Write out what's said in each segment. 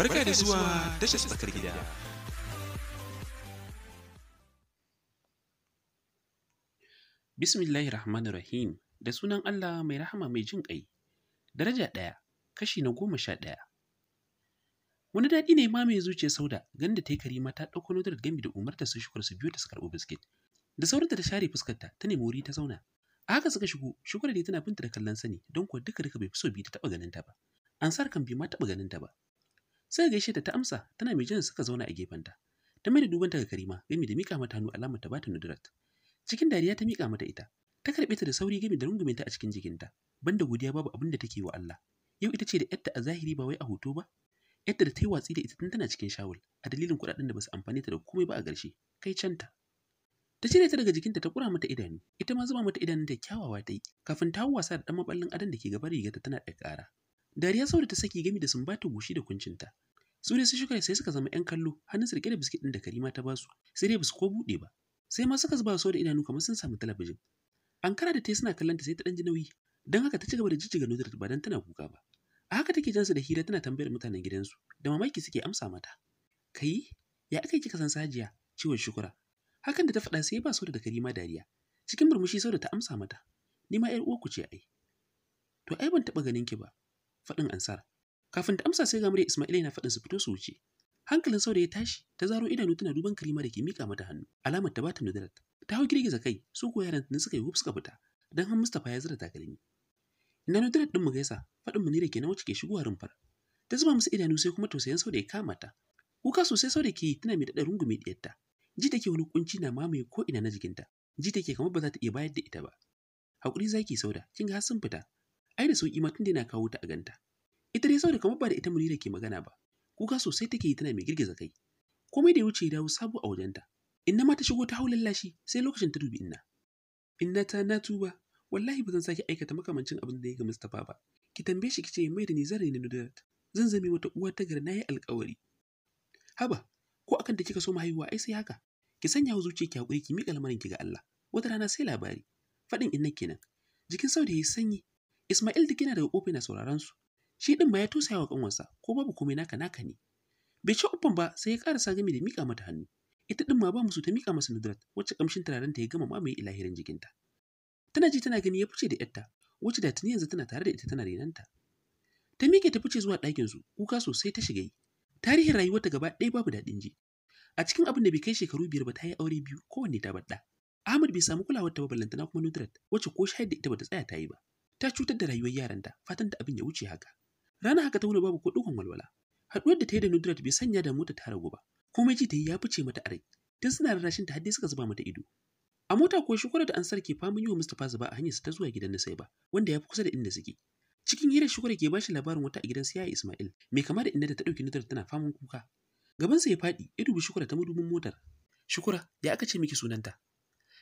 Barka da zuwa tashar tsakar gida. Bismillahir Rahmanir Rahim da sunan Allah mai rahama mai jin ƙai. Daraja ɗaya, kashi na goma sha ɗaya. Wani daɗi ne ma mai zuciya sauda ganda ta yi karima ta ɗauko nodar gami da umarta su shukar su biyu ta su karɓo biskit. Da saurinta ta share fuskarta ta nemi wuri ta zauna. A haka suka shigo, shukar dai tana binta da kallon sani don kuwa duka duka bai fi so biyu ta taɓa ganin ta ba. An kan bi ma taɓa ganin ta ba, Sai gaishe ta ta amsa tana mai jiran suka zauna a gefenta. Ta mai da dubanta ga Karima gami da mika mata hannu alama ta bata Nudrat. Cikin dariya ta mika mata ita. Ta karbe ta da sauri gami da rungume ta a cikin jikinta. Banda godiya babu abin da take wa Allah. Yau ita ce da 'yatta a zahiri ba wai a hoto ba. Yadda da ta yi watsi da ita tun tana cikin shawul a dalilin kuɗaɗen da ba su amfane ta da komai ba a ƙarshe. Kai canta. ta cire ta daga jikinta ta kura mata idanu ita ma zuba mata idanun da kyawawa ta yi kafin ta hau wasa da dan maballin adon da ke gabar rigarta tana da ƙara dariya saboda ta saki gami da sumbata gushi da kuncinta su ne su shuka sai suka zama yan kallo hannun su da biskit din da karima ta basu sai dai basu ko bude ba sai ma suka zuba su da idanu kamar sun samu talabijin an kara da ta suna kallon ta sai ta dan ji nauyi don haka ta ci gaba da jijjiga nodar ba dan tana kuka ba a haka take jansu da hira tana tambayar mutanen gidansu da mamaki suke amsa mata kai ya aka yi kika san sajiya ciwon shukura hakan da ta faɗa sai ba sauda da karima dariya cikin murmushi da ta amsa mata ni ma yar ku ce ai to ai ban taɓa ganin ki ba faɗin ansar Kafin ta amsa sai ga murya Ismail yana faɗin su fito su wuce. Hankalin sau ya tashi, ta zaro idanu tana duban Karima da ke mika mata hannu. Alamar ta bata nudarar ta hau girgiza kai, su ko yaran tun suka yi huf suka fita, dan har Mustapha ya zira takalmi. Ina nudarar din mu gaisa, faɗin mu ne da ke na wacce ke shigowa rumfar. Ta zuba musu idanu sai kuma tausayin sau ya kama Kuka sosai sau ke yi tana mai daɗa rungume ɗiyarta. Ji take wani kunci na mamaye ko ina na jikinta. Ji take kamar ba za ta iya bayar da ita ba. Hakuri zaki sauda, kin ga har sun fita. Ai da sauki ma tun da kawo ta a ganta. Ita dai Sauda kamar ba da ita Munira ke magana ba, kuka sosai take yi tana mai girgiza kai. Komai da ya wuce ya dawo sabo a wajenta. Inna ma ta shigo ta hau lashi sai lokacin ta dubi Inna. Inna ta na tuba, wallahi ba zan sake aikata makamancin abin da ya ga Mustapha ba. Ki tambaye shi kice mai da ni zan raina da Zan zame wata uwa ta gar na yi alkawari. Haba, ko akan da kika so haihuwa ai sai haka. Ki sanya wa zuciya ki haƙuri ki miƙa lamarin ki ga Allah. Wata rana sai labari. Faɗin Inna kenan. Jikin Sauda ya yi sanyi. Ismail duk yana daga kofi na sauraron su. shi ɗin ma ya tusa wa kanwansa ko babu komai naka naka ne bai ci uban ba sai ya karasa gami da mika mata hannu ita ɗin ma ba musu ta mika masa nudrat wacce kamshin turaren ta ya gama mamaye ilahirin jikinta tana ji tana gani ya fice da yarta wacce da tuni yanzu tana tare da ita tana renanta ta miƙe ta fice zuwa ɗakin su kuka sosai ta shiga yi tarihin rayuwarta gaba ɗaya babu daɗin ji a cikin abin da bai kai shekaru biyar ba ta yi aure biyu kowanne ta badda Ahmad bai samu kulawar ta ba ballantana kuma Nudrat wacce ko shayar da ita bata tsaya ta yi ba ta cutar da rayuwar yaranta fatan da abin ya wuce haka Rana haka ta wuni babu ko dukan walwala. Haɗuwar da ta yi da Nudrat bai sanya da mota ta ragu ba. Komai ji ta yi ya fice mata arai. Tun suna rarrashin ta haddai suka zuba mata ido. A mota ko shukurar da an ke faman yi wa Mustapha zuba a hanyarsa ta zuwa gidan ba, wanda ya fi kusa da inda suke. Cikin hira Shukura ke bashi labarin wata a gidan siya Ismail, mai kama da inda ta ɗauki Nudrat tana faman kuka. Gabansa ya faɗi, ya dubi shukura ta madubin motar. Shukura, ya aka ce miki sunanta?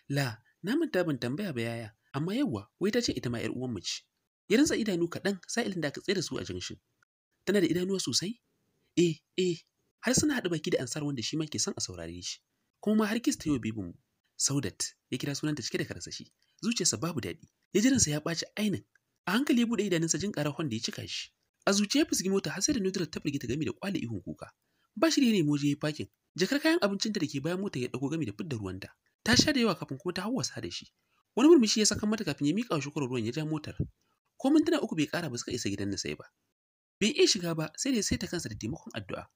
La, na manta ban tambaya ba yaya, amma yawwa, wai ta ce ita ma 'yar uwan mu ce. ya rantsa idanu kaɗan sa'ilin da aka tsere su a junction tana da idanuwa sosai eh eh har suna haɗa baki da ansar wanda shi ma ke son a saurare shi kuma ma har kista yau bibin saudat ya kira sunanta cike da karsashi zuciyarsa babu daɗi ya sa ya ɓaci ainin a hankali ya buɗe idanunsa jin ƙarar hon da ya cika shi a zuciya fisgi mota har sai da nutura ta firgita gami da kwali ihun kuka Ba shi ne moje ya yi fakin jakar kayan abincinta da ke bayan mota ya ɗauko gami da fidda ruwanta ta sha da yawa kafin kuma ta hawwasa da shi wani murmushi ya saka mata kafin ya miƙa wa shukurar ruwan ya ja motar ko mintuna uku bai ƙara ba suka isa gidan sai ba bai iya shiga ba sai da ya saita kansa da taimakon addu'a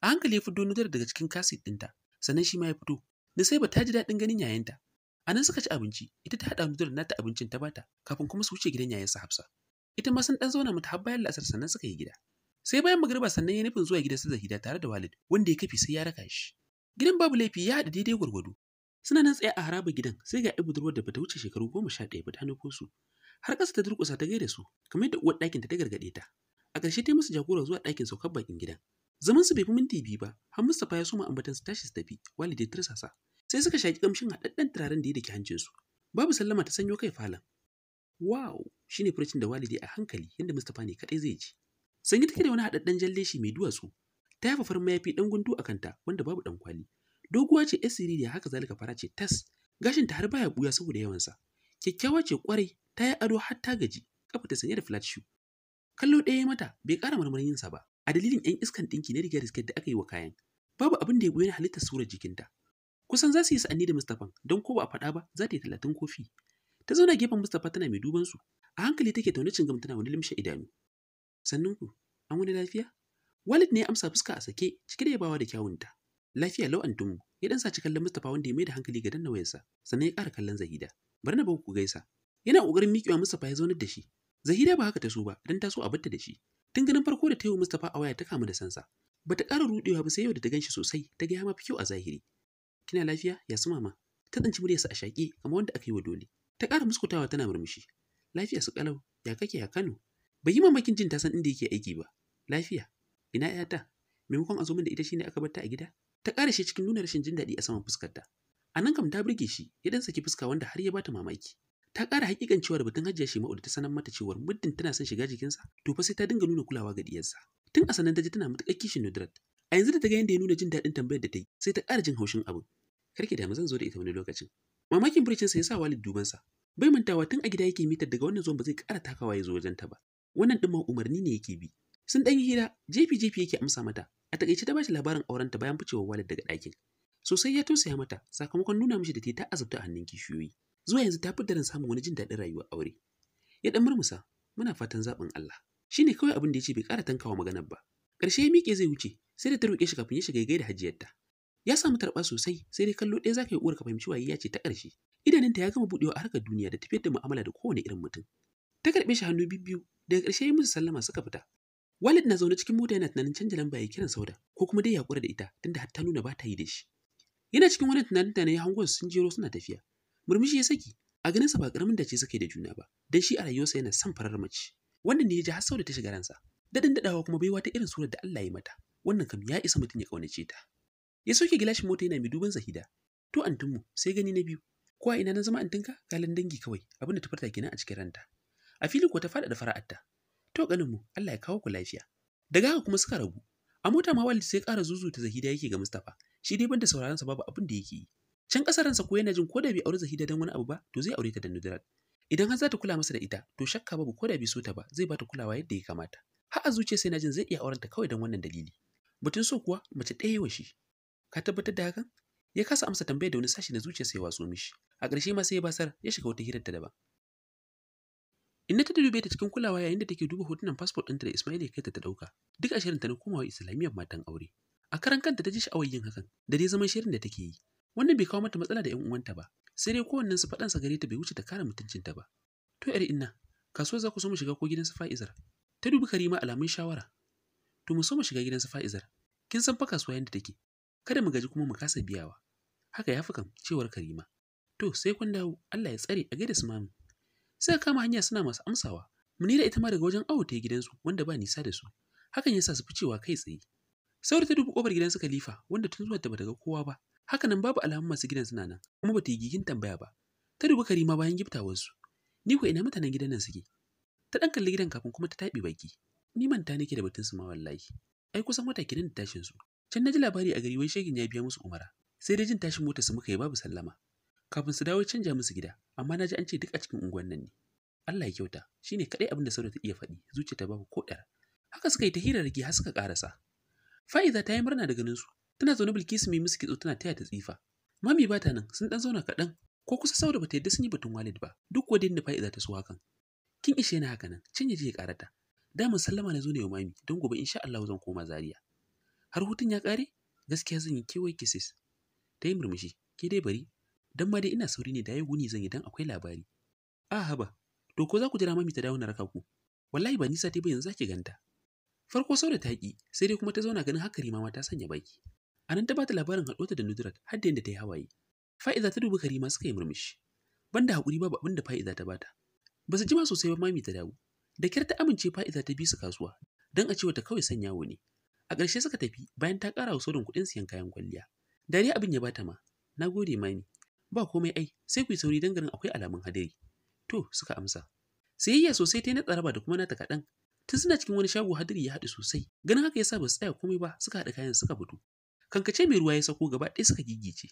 a hankali ya fito nudar daga cikin kasit ɗinta sannan shi ma ya fito sai ba ta ji daɗin ganin yayanta a nan suka ci abinci ita ta haɗa nudar nata abincin ta bata kafin kuma su wuce gidan yayansa Hafsa ita ma sun ɗan zauna mata har bayan la'asar sannan suka yi gida sai bayan magariba sannan ya nufin zuwa gidan su Zahida tare da Walid wanda ya kafi sai ya raka shi gidan babu laifi ya haɗa daidai gwargwado suna nan tsaye a haraba gidan sai ga ibudurwar da bata wuce shekaru goma sha ɗaya ba ta nufo su har ƙasa ta durƙusa ta gaida su kamar yadda uwar ɗakinta ta ta gargaɗe ta a ƙarshe ta yi musu jagora zuwa ɗakin saukar bakin gidan zaman su bai fi minti biyu ba har Mustapha ya soma ambatan su tashi su tafi walidai sa sai suka shaki kamshin haɗaɗɗen turaren da ya dake hancin su babu sallama ta sanyo kai falon wow ne furcin da walidai a hankali yadda Mustapha ne kaɗai zai ji sanyi take da wani haɗaɗɗen jalleshi mai duwatsu ta yafa farin mayafi ɗan gundu a kanta wanda babu ɗan kwali doguwa ce yar siririya haka zalika fara ce tas gashin ta har baya buya saboda yawansa kyakkyawa ce kwarai ta yi ado har ta gaji kafa ta sanye da flat shoe kallo ɗaya mata bai ƙara marmarin yinsa ba a dalilin 'yan iskan ɗinki na rigar da aka yi wa kayan babu abin da ya goyi halittar surar jikinta kusan za su yi sa'anni da mustapha don ko ba a faɗa ba za ta yi talatin kofi ta zauna gefen mustapha tana mai duban su a hankali take taune cingam tana wani limshe idanu Sannunku, ku an wani lafiya walid ne ya amsa fuska a sake cike da yabawa da kyawunta Lafiya lau antumu, ya dan saci kallon Mustapha wanda ya mai da hankali ga danna wayarsa, sannan ya ƙara kallon Zahida. Bari na ba ku gaisa. Yana ƙoƙarin miƙewa Mustapha ya zaunar da shi. Zahida ba haka ta so ba, dan ta so a batta da shi. Tun ganin farko da ta yi Mustapha a waya ta kamu da sansa. Bata ƙara ruɗewa ba sai yau da ta ganshi sosai, ta ga ya mafi kyau a zahiri. Kina lafiya? Ya su mama. Ta tsinci muryarsa a shaƙe kamar wanda aka yi wa dole. Ta ƙara muskutawa tana murmushi. Lafiya su kalau. ya kake ya Kano? Bai yi mamakin jin ta san inda yake aiki ba. Lafiya. Ina 'yata? Maimakon a zo min da ita shine aka bar ta a gida? ta ƙara shi cikin nuna rashin jin daɗi a saman fuskarta. A nan kam ta burge shi ya dan saki fuska wanda har ya bata mamaki. Ta ƙara hakikan cewa da batun hajiya shi ta sanar mata cewa muddin tana son shiga jikinsa to fa sai ta dinga nuna kulawa ga diyarsa. Tun a sanan ta ji tana matuƙar kishin Nudrat. A yanzu da ta ga yadda ya nuna jin daɗin tambayar da ta yi sai ta ƙara jin haushin abin. Karki da zan zo da ita wani lokacin. Mamakin burcinsa ya sa Walid dubansa. Bai mantawa tun a gida yake mitar daga wannan zuwan ba zai ƙara takawa ya zo wajen ta ba. Wannan ɗin umarni ne yake bi. Sun ɗan hira jefi-jefi yake amsa mata A takaice ta bashi labarin aurenta bayan ficewar Walid daga ɗakin. Sosai ya tausaya mata sakamakon nuna mishi da ta ta azabta hannun kishiyoyi. Zuwa yanzu ta fi ran samun wani jin daɗin rayuwar aure. Ya ɗan murmusa, muna fatan zaɓin Allah. Shi ne kawai abin da ya ce bai ƙara tankawa maganar ba. Ƙarshe ya miƙe zai wuce, sai da ta roƙe shi kafin ya shiga gaida hajiyarta. Ya samu tarɓa sosai, sai dai kallo ɗaya za ka yi uwar ka fahimci waye ya ce ta ƙarshe. Idaninta ya gama buɗewa a harkar duniya da tafiyar da mu'amala da kowane irin mutum. Ta karɓe shi hannu biyu daga ƙarshe ya musu sallama suka fita Walid na zaune cikin mota yana tunanin canja lamba ya kiran Sauda ko kuma dai ya kura da ita tunda har ta nuna ba ta yi da shi. Yana cikin wani tunanin tunanin hangon sun jero suna tafiya. Murmushi ya saki a ganinsa ba karamin ce suka yi da juna ba dan shi a rayuwarsa yana son farar mace. Wannan ne ya ji har Sauda ta shiga ransa. Dadin dadawa kuma baiwa ta irin surar da Allah ya mata. Wannan kam ya isa mutum ya kaunace ta. Ya soke gilashin mota yana mai duban Zahida. To antinmu sai gani na biyu. Ko ina na zama antinka? Galan dangi kawai abin da ta farta kenan a cikin ranta. A fili ko ta da fara'arta to mu Allah ya kawo ku lafiya daga haka kuma suka rabu a mota ma Walid sai ƙara zuzuta Zahida yake ga Mustapha shi dai banda sauraron sa babu abin da yake yi can kasaransa ko yana jin ko da bai aure Zahida dan wani abu ba to zai aure ta da Nudrat idan har za ta kula masa da ita to shakka babu ko da bai so ta ba zai ba ta kulawa yadda ya kamata har a zuciya sai na jin zai iya auren ta kawai dan wannan dalili batun so kuwa mace ɗaya wa shi ka tabbatar da hakan ya kasa amsa tambayar da wani sashi na zuciya sai watso mishi a ƙarshe ma sai ya basar ya shiga wata hirar ta daban Inna ta dube ta cikin kulawa yayin da take duba hotunan passport ɗinta da Ismail ya kaita ta dauka, Duk a shirinta na komawa Islamiyyar matan aure. A karan kanta ta ji sha'awar yin hakan da dai zaman shirin da take yi. Wannan bai kawo mata matsala da 'yan uwanta ba, sai dai kowannen su faɗansa gare ta bai wuce ta kara kare ta ba. To ‘yar inna, kasuwar za ku so mu shiga ko gidan su Fa'izar? Ta dubi Karima alamun shawara. To mu so mu shiga gidan su Fa'izar. Kin san fa kasuwa yadda take. Kada mu gaji kuma mu kasa biyawa. Haka ya fi cewar Karima. To sai kun dawo, Allah ya tsare a gaida su mamu Suka kama hanya suna masu amsawa. Munira ita ma daga wajen awo ta gidansu wanda ba nisa da su. Hakan ya sa su ficewa kai tsaye. Sauri ta dubi kofar gidansu Khalifa wanda tun zuwa ta bata ga kowa ba. haka nan babu alamun masu gidan suna nan kuma bata yi gigin tambaya ba. Ta dubi Karima bayan giftawarsu. Ni ko ina mutanen gidan nan suke? Ta dan kalli gidan kafin kuma ta taɓi baki. Ni manta nake da batun su ma wallahi. Ai kusan wata kiran da tashin su. Can na ji labari a gari wai shegin ya biya musu umara. Sai dai jin tashin mota su muka yi babu sallama. kafin su dawo canja musu gida amma na ji an ce duk a cikin unguwan nan ne Allah ya kyauta shine kadai abin da Sauda ta iya faɗi zuciya ta babu ko ɗar haka suka yi ta rigi har suka karasa Fa'iza ta yi murna da ganin su tana zaune Bilkisu mai musu kitso tana taya ta tsifa Mami ba ta nan sun dan zauna kaɗan ko kusa Sauda bata ta yadda sun yi batun Walid ba duk wadin da Fa'iza ta so hakan kin ishe ni haka nan cin jiya je ya karata damun sallama na zo ne wa mami don gobe insha Allah zan koma Zaria har hutun ya kare gaskiya zan yi kewaye kisis ta yi murmushi ke dai bari dan ma dai ina sauri ne da yau wuni zan yi dan akwai labari a ah, haba to ko za ku jira mami ta dawo na raka ku wallahi ba nisa ta ba yanzu zaki ganta farko sau da taƙi sai dai kuma ta zauna ganin haka rima ma ta sanya baki a nan ta bata labarin haɗuwarta da nudrat har da yadda ta yi hawaye fa'iza ta dubi karima suka yi murmushi banda haƙuri babu abin da fa'iza ta bata ba su jima sosai ba mami ta dawo da kyar ta amince fa'iza ta bi su kasuwa don a ce wata kawai sanya ne a ƙarshe suka tafi bayan ta ƙara wa sauran kuɗin siyan kayan kwalliya dariya abin ya bata ma na gode mami ba komai ai sai ku yi sauri don garin akwai alamun hadari to suka amsa sayayya sosai ta na tsaraba da kuma ta kaɗan tun suna cikin wani shago hadari ya haɗu sosai ganin haka yasa ba su tsaya komai ba suka haɗa kayan suka fito kankace mai ruwa ya sako gaba ɗaya suka gigice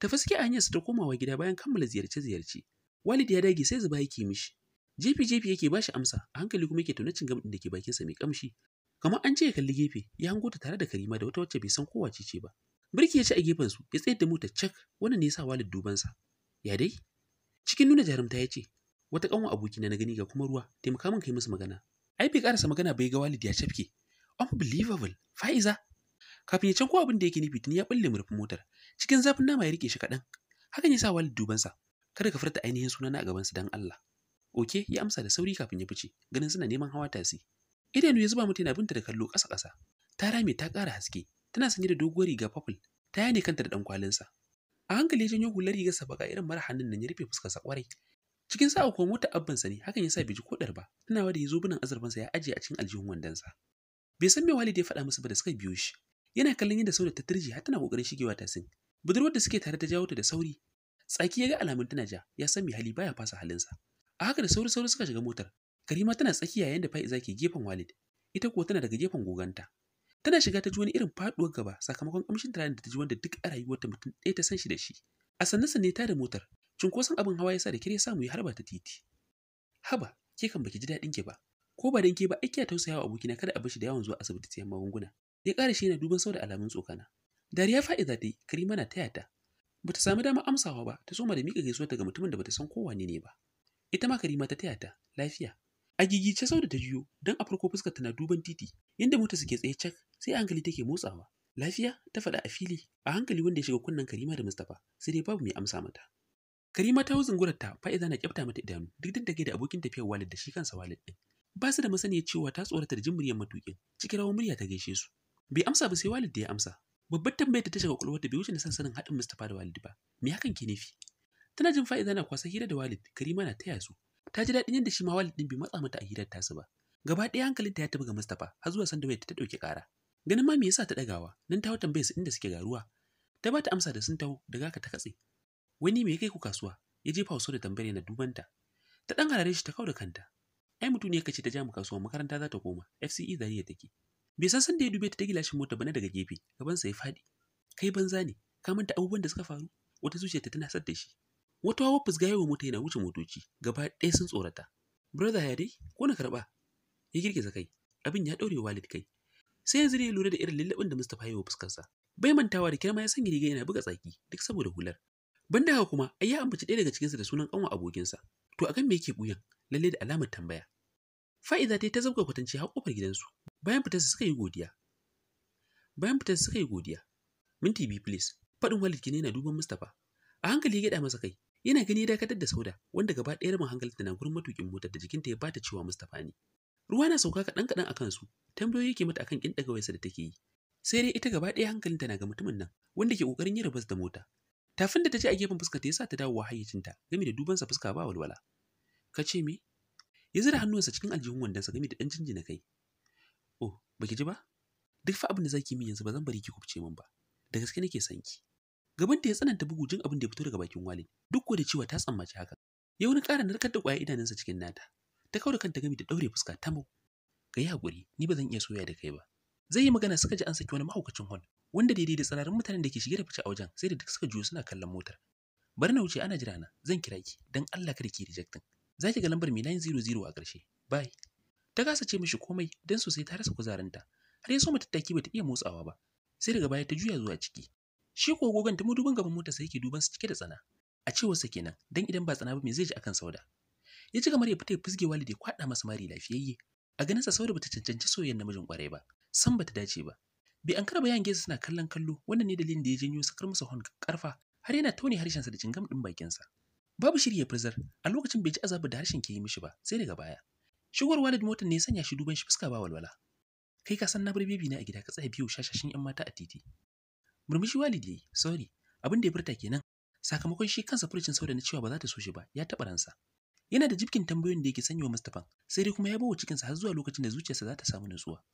tafaske a hanyarsa ta komawa gida bayan kammala ziyarce-ziyarce walid ya dage sai zuba yake mishi jefi-jefi yake ba shi amsa a hankali kuma yake taunacin gam da ke bakinsa mai kamshi kamar an ce ya kalli gefe ya hango ta tare da karima da wata wacce bai san kowace ce ba Birki ya ci a su, ya tsayar da mota cak wannan ne yasa sa Walid dubansa. Ya dai? Cikin nuna jarumta ya ce, wata kanwa abokina na gani ga kuma ruwa, taimaka min kai musu magana. Ai bai karasa magana bai ga Walid ya cafke. Unbelievable, Fa'iza. Kafin ya canko abin da yake nufi tun ya bulle murfin motar. Cikin zafin nama ya rike shi kaɗan. Haka ya sa Walid dubansa. Kada ka furta ainihin sunana a su don Allah. Oke ya amsa da sauri kafin ya fice, ganin suna neman hawa tasi. Idanu ya zuba mata yana binta da kallo ƙasa-ƙasa. Ta rame ta ƙara haske, tana sanye da doguwar riga purple ta yane kanta da dan kwalinsa a hankali ya janyo hular sa baka irin mara hannun nan ya rufe fuskarsa kwarai cikin sa kuwa mota abban sa ne hakan yasa bai ji kodar ba Tana da ya zo binan azurfansa ya ajiye a cikin aljihun wandonsa bai san me walid ya faɗa musu ba da suka biyo shi yana kallon yadda sauda ta turji har tana kokarin shigewa sin budurwar da suke tare ta jawo ta da sauri tsaki ya ga alamun tana ja ya san me hali baya fasa halinsa a haka da sauri sauri suka shiga motar karima tana tsakiya yayin da fa'iza ke gefen walid ita kuwa tana daga gefen goganta Tana shiga ta ji wani irin faɗuwar gaba sakamakon amshin tunanin da ta ji wanda duk a ta mutum ɗaya ta san shi da shi. A sannan sanne ta da motar, cunkoson abin hawa ya sa da kire samu ya harba ta titi. Haba, ke kan baki ji daɗin ke ba. Ko ba dan ke ba ake tausaya wa abokina kada a bar shi da yawan zuwa asibiti sayan magunguna. Ya ƙara shi yana duban sau da alamun tsokana. Dariya fa'iza dai, Karima na taya ta. Bata sami dama amsawa ba, ta soma da miƙa gaisuwa daga mutumin da bata san kowa ne ba. Ita ma Karima ta taya ta, lafiya. A gigice sau da ta juyo, don a farko fuskar na duban titi, yadda mota suke tsaye cak sai a hankali take motsawa lafiya ta faɗa a fili a hankali wanda ya shiga kunnen karima da mustapha sai dai babu mai amsa mata karima ta wuzin gurarta fa'iza na kyafta mata idanu duk da ke da abokin tafiyar walid da shi kansa walid din ba su da masaniya cewa ta tsorata da jin muryar matukin cikin rawar murya ta gaishe su bai amsa ba sai walid da ya amsa babbar tambayar ta shiga kwakwalwar da bai wuce na san haɗin mustapha da walid ba me hakan ke nufi tana jin fa'iza na kwasa hira da walid karima na taya su ta ji daɗin yadda shi ma walid din bai matsa mata a hirar tasu ba gaba ɗaya hankalinta ya tafi ga mustapha har zuwa sanda ta ɗauki ƙara Ganin ma me yasa ta dagawa nan ta tambaye su inda suke garuwa. Ta ba ta amsa da sun taho daga ka ta katse. Wani me ya kai ku kasuwa? Ya jefa wasu da tambayar yana dubanta. Ta ɗan harare shi ta kau da kanta. Ai mutum ne kace ta ja mu kasuwa makaranta za ta koma, FCE zariya take. Bai san san da ya dube ta ta gilashin mota bana daga gefe, Gaban sa ya faɗi. Kai banza ne, ka manta abubuwan da suka faru, wata zuciyarta tana sad da shi. Wata hawa fusga yawa mota yana wuce motoci, gaba ɗaya sun tsorata. Brother ya dai, ko na karɓa? Ya girgiza kai, abin ya ɗaure walid kai, sai yanzu ne ya lura da irin lallaɓin da Mustapha ya yi wa fuskarsa. Bai mantawa da kirma ya sanya riga yana buga tsaki duk saboda hular. Ban da haka kuma ai ya ambaci ɗaya daga cikinsa da sunan ƙanwa abokinsa. To akan me yake buyan? Lalle da alamar tambaya. Fa'iza ta ta zabga kwatance har kofar gidansu. Bayan fitarsa suka yi godiya. Bayan fitarsa suka yi godiya. Minti biyu please. Faɗin Walid kine yana duban Mustapha. A hankali ya gyaɗa masa kai. Yana gani ya dakatar da Sauda wanda gaba ɗaya rabin hankalinta na gurin matukin motar da jikinta ya bata cewa Mustapha ne. Ruwa na sauka kaɗan kaɗan a kansu, tambayoyi ke mata akan kin daga wayarsa da take yi. Sai dai ita gaba ɗaya hankalinta na ga mutumin nan, wanda ke ƙoƙarin yin rabas da mota. Tafin da ta ji a gefen fuskar ta yasa ta dawo hayyacinta, game da dubansa fuska ba walwala. Ka ce me? Ya zira hannuwansa cikin aljihun wandonsa game da ɗan jinjina kai. Oh, baki ji ba? Duk fa abin da zaki min yanzu ba zan bari ki kubce min ba. Da gaske nake son ki. Gaban ta ya tsananta bugu jin abin da ya fito daga bakin Walid, duk ko da cewa ta tsammaci haka. Ya wani ƙara narkar da ƙwayar idanunsa cikin nata. ta kawo da kanta gami da daure fuska ta mu ga yi hakuri ni ba zan iya soya da kai ba zai yi magana suka ji an saki wani mahaukacin hon wanda daidai da tsararin mutanen da ke shige da fice a wajen sai da duk suka juyo suna kallon motar bari na wuce ana jira na zan kira ki dan Allah kada ki rejectin za Zaki ga lambar mi 900 a ƙarshe bye ta kasa ce mishi komai dan sosai ta rasa kuzarinta har ya so matattaki bata iya motsawa ba sai daga baya ta juya zuwa ciki shi ko gogon ta mudubin gaban motar sai yake duban su cike da tsana a cewar sa kenan dan idan ba tsana ba me zai ji akan sauda ya ci gamar ya fita ya fusge ya kwaɗa masa mari lafiyayye a ganinsa saboda bata cancanci soyayyen namijin kwarai ba san bata dace ba bi an karba yayan suna kallon kallo wannan ne dalilin da ya janyo sakar masa hon karfa har yana harshen sa da cingam din bakinsa babu shiri ya furzar a lokacin bai ci azabar da harshen ke yi mishi ba sai daga baya shigowar walid motar ne ya sanya shi duban shi fuska ba walwala kai ka san na bar na a gida ka tsaya biyu shashashin yan mata a titi murmushi walid yayi sorry abin da ya furta kenan sakamakon shi kansa furcin sau da na cewa ba za ta so shi ba ya taɓa ransa Yana da jibkin tambayoyin da yake sanyawa Mustapha, sai dai kuma ya bawa cikinsa har zuwa lokacin da zuciyarsa za ta samu nutsuwa.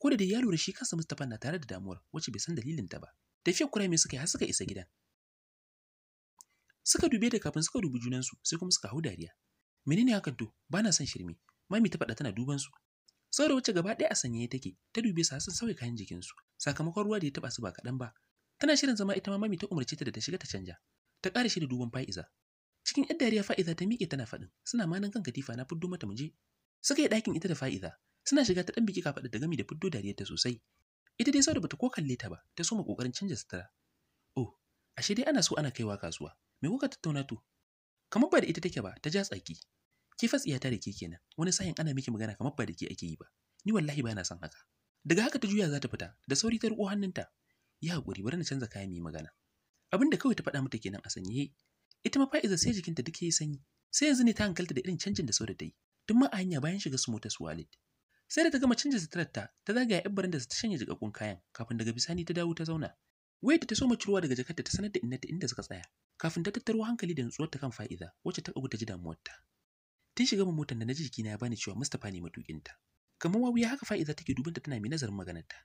Ko da dai ya lura shi kansa Mustapha na tare da damuwar wacce bai san dalilin ta ba. Tafiyar mai suka yi har suka isa gidan. Suka dube da kafin suka dubi junansu sai kuma suka hau dariya. Menene haka to? Ba na son shirme. Mami ta faɗa tana duban su. Sau da wacce gaba ɗaya a sanyaye take, ta dube su har sun sauya kayan jikinsu, sakamakon ruwa da ya taɓa su ba kaɗan ba. Tana shirin zama ita ma mami ta umarce ta da ta shiga ta canja. Ta ƙara shi duban fa'iza, Cikin 'yan dariya fa'iza ta miƙe tana faɗin, suna manan kan katifa na fuddu mata muje. Suka yi ɗakin ita da fa'iza, suna shiga ta ɗan biki kafaɗa da gami da fuddu dariyar ta sosai. Ita dai sau da bata ko kalle ta ba, ta soma ƙoƙarin canja sutura. Oh, ashe dai ana so ana kaiwa kasuwa, me kuka tattauna to? Kamar ba da ita take ba, ta ja tsaki. Ki fas iya da ke kenan, wani sain ana miki magana kamar ba da ke ake yi ba. Ni wallahi ba na son haka. Daga haka ta juya za ta fita, da sauri ta riƙo hannunta. Ya haƙuri, bari na canza kayan mu magana. Abin da kawai ta faɗa mata kenan a sanye, Ita ma fa'iza sai jikinta duk yayi sanyi. Sai yanzu ne ta hankalta da irin canjin da Sauda ta yi. Tun ma a hanya bayan shiga su mota su Walid. Sai da ta gama canja suturarta, ta ta zagaya ‘yan baranda ta shanye jikakkun kayan, kafin daga bisani ta dawo ta zauna. wai ta soma ciruwa daga jakarta ta sanar da inna ta inda suka tsaya, kafin ta tattaro hankali da nutsuwarta kan fa'iza, wacce ta kagu ta ji ta Tun shiga mun motar da na ji jikina ya bani cewa Mustapha ne ta. Kamar ya haka fa'iza take dubanta tana mai nazarin ta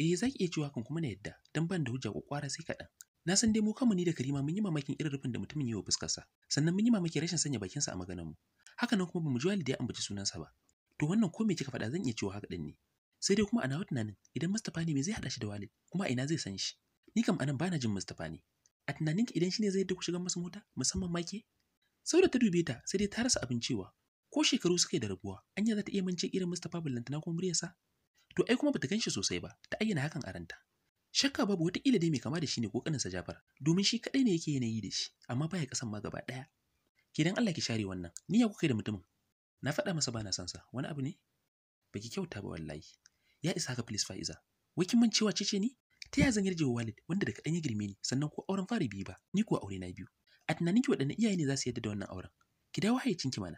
Eh zaki ki iya cewa kan kuma na yadda, dan ban da hujja kwakwara sai kaɗan. Na san dai mu kanmu ni da Karima mun yi mamakin irin rufin da mutumin yayi wa fuskarsa, sannan mun yi mamakin rashin sanya bakinsa a maganar mu. Haka nan kuma bamu ji da ya ambaci sunansa ba. To wannan ko me kika faɗa zan iya cewa haka din ne. Sai dai kuma ana wata tunanin idan Mustapha ne me zai haɗa shi da Walid kuma a ina zai san shi. Ni kam anan bana jin Mustapha ne. A tunaninki idan shi ne zai yadda ku shiga masa mota musamman ma ke? Sauda ta dube ta sai dai ta rasa abin cewa ko shekaru suka yi da rabuwa anya za ta iya mance irin Mustapha ballantana kuma muryarsa. To ai kuma bata ganshi sosai ba ta ayyana hakan a ranta. Shakka babu wata kila dai mai kama da shi ne ko kaninsa Jafar, domin shi kadai ne yake yanayi da shi, amma baya kasan ma gaba daya Kidan Allah ki share wannan, ni ya kuka da mutumin. Na faɗa masa bana sansa. sa, wani abu ne? Baki kyauta ba wallahi. Ya isa ka please Fa'iza. Wai kin cewa ce ni? Ta ya zan yarje wa Walid wanda da kaɗan ya girme ni sannan ko auren fari biyu ba, ni ko aure na biyu. A tunanin ki waɗanne iyaye ne za su yarda da wannan auren? Ki dawo hayyacinki mana.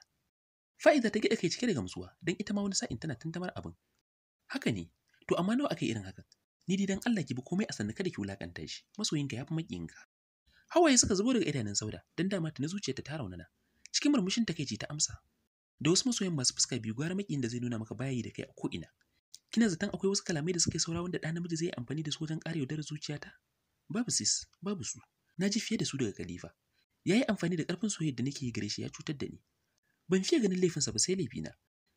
Fa'iza ta gida kai cike da gamsuwa don ita ma wani sa'in tana tantamar abin. Haka ne, to amma nawa akai irin hakan? ni dai dan Allah ki bi komai a sannu kada ki wulakanta shi masoyinka ya fi hawaye suka zubo daga idanun sauda dan dama ta na zuciyarta ta raunana cikin murmushin takeici ta amsa da wasu masoyan masu fuska biyu gwara makiyin da zai nuna maka bayayi da kai a ko'ina kina zaton akwai wasu kalamai da suke saura wanda ɗan namiji zai amfani da su wajen ƙara yaudarar zuciyata babu sis babu su na ji fiye da su daga kalifa ya yi amfani da ƙarfin soyayya da nake gare shi ya cutar da ni ban fiye ganin laifinsa ba sai laifina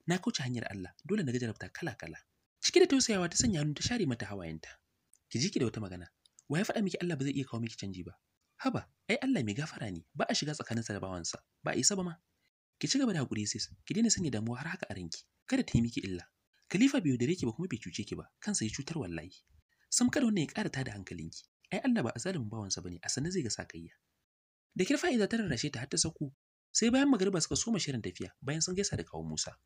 na kauce hanyar Allah dole na ga jarabta kala kala Ciki da tausayawa ta sanya hannu ta share mata hawayenta. Ki ji ki da wata magana. Wa ya faɗa miki Allah ba zai iya kawo miki canji ba? Haba, ai Allah mai gafara ne, ba a shiga tsakaninsa da bawansa, ba isa ba ma. Ki ci gaba da hakuri sis, ki daina sanya damuwa har haka a ranki, kada ta yi miki illa. Khalifa bai yaudare ki ba kuma bai cuce ki ba, kansa ya cutar wallahi. Sam kada wannan ya ƙara ta hankalin hankalinki. Ai Allah ba a zalimin bawansa bane, a sanin zai ga sakayya. Da kirfa idan ta rarrashe ta har ta sako, sai bayan magariba suka soma shirin tafiya bayan sun gaisa da kawo Musa.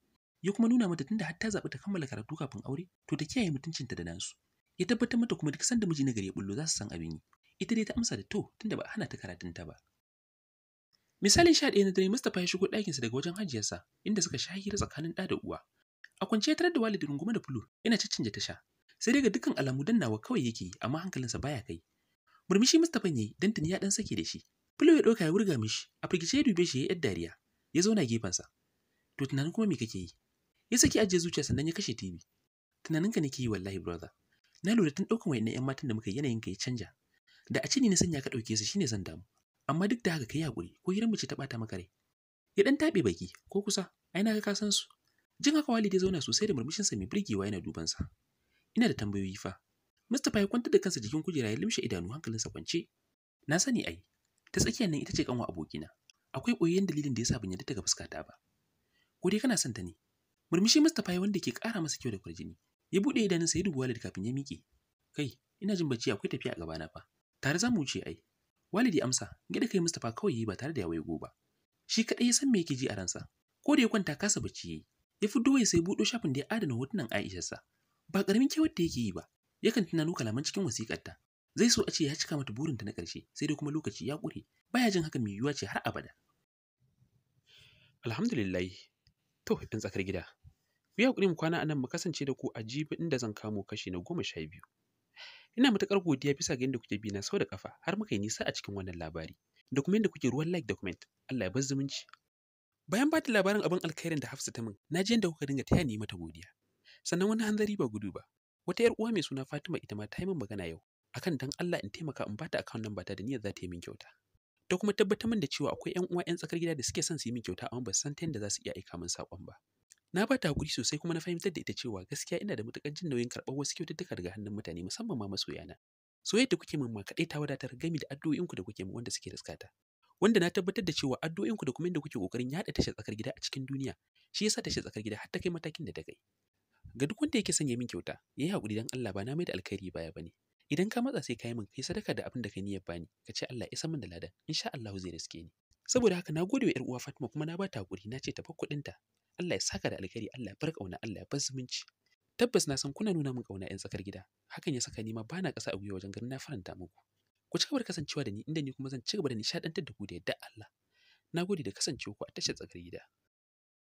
ya kuma nuna mata tunda har ta zaɓi ta kammala karatu kafin aure to ta kiyaye mutuncinta da nasu ya tabbatar mata kuma duk sanda miji na gari ya bullo za su san abin yi ita dai ta amsa da to tunda ba a hana ta karatunta ba misalin sha ɗaya na dare mustapha ya shigo ɗakinsa daga wajen hajiyarsa inda suka sha hira tsakanin ɗa da uwa a kwance ya tarar da walidin rungume da fulu yana ciccinja ta sha sai dai ga dukkan alamu Dan dannawa kawai yake amma hankalinsa baya kai murmushi mustapha ne dan tuni ya dan sake da shi fulu ya ɗauka ya wurga mishi a firgice ya dube shi ya yar dariya ya zauna gefensa to tunanin kuma me kake yi ya saki ajiye zuciya sannan ya kashe TV. Tunaninka nake yi wallahi brother. Na lura tun ɗaukan wayannan 'yan matan da muka yanayin ka ya canja. Da a ce ni na sanya ka ɗauke su shine zan damu. Amma duk da haka kai hakuri ko hirar mace ta ɓata maka rai. Ya ɗan taɓe baki ko kusa ai na ka san su. Jin haka wali ya zauna sosai da murmushinsa mai birgewa yana duban sa. Ina da tambayoyi fa. Mustapha ya kwantar da kansa jikin kujera ya limshe idanu hankalinsa kwance. Na sani ai. Ta tsakiyar nan ita ce kanwa abokina. Akwai ɓoyayyen dalilin da yasa ban yarda daga fuskata ba. Ko dai kana son ta ne? Murmushi Mustapha ya wanda ke kara masa kyau da kwarjini. Ya buɗe sa ya dubi Walid kafin ya miƙe. Kai, ina jin bacci akwai tafiya a gabana fa. Tare za mu wuce ai. Walidi ya amsa, gida kai Mustapha kawai yi ba tare da ya waigo ba. Shi kaɗai ya san me yake ji a ransa. Ko da ya kwanta kasa bacci yayi. Ya fi ya sai buɗo shafin da ya adana hotunan sa. Ba karamin kyawar da yake yi ba. Yakan tunano kalaman cikin wasiƙarta. Zai so a ce ya cika mata burinta na ƙarshe, sai dai kuma lokaci ya ƙure. Baya jin haka mai yiwuwa ce har abada. Alhamdulillah, To, in tsakar gida. Ku yi haƙuri mu kwana a nan mu kasance da ku a jibi inda zan kamo kashi na goma sha biyu. Ina matuƙar godiya bisa ga yadda kuke bi na sau da ƙafa har muka yi nisa a cikin wannan labari. Da kuma yadda kuke ruwan like da Allah ya bar zumunci. Bayan ba da labarin abin alkhairin da Hafsa ta min, na ji yadda kuka dinga taya ni mata godiya. Sannan wani hanzari ba gudu ba. Wata 'yar uwa mai suna Fatima ita ma ta yi min magana yau akan dan Allah in taimaka in bata account number ta da niyyar za ta yi min kyauta. ta kuma tabbatar min da cewa akwai ƴan uwa ƴan tsakar gida da suke son su yi min kyauta amma ba san ta yadda za su iya aika min saƙon ba na ba ta hakuri sosai kuma na fahimtar da ita cewa gaskiya ina da matuƙar jin nauyin karɓar wasu kyaututtuka daga hannun mutane musamman ma masoyana soyayyar da kuke min ma kaɗai ta wadatar gami da addu'o'inku da kuke min wanda suke riskata wanda na tabbatar da cewa addu'o'inku da kuma yadda kuke ƙoƙarin yaɗa tashar tsakar gida a cikin duniya shi ya sa tashar tsakar gida har ta kai matakin da ta kai ga duk wanda yake son ya min kyauta yayi hakuri dan Allah ba na mai da alkhairi baya bane idan ka matsa sai ka yi min kai sadaka da abin da ka niyyar bani ka ce Allah ya min da ladan insha Allah zai riske ni saboda haka na gode wa yar uwa Fatima kuma na ba ta hakuri na ce ta bar kuɗin ta Allah ya saka da alkhairi Allah ya bar kauna Allah ya bar zumunci tabbas na san kuna nuna min kauna yan tsakar gida hakan ya saka ni ma bana kasa a wajen garin na faranta muku ku ci gaba da kasancewa da ni inda ni kuma zan ci gaba da nishaɗantar da ku da yadda Allah na gode da kasancewa ku a tashar tsakar gida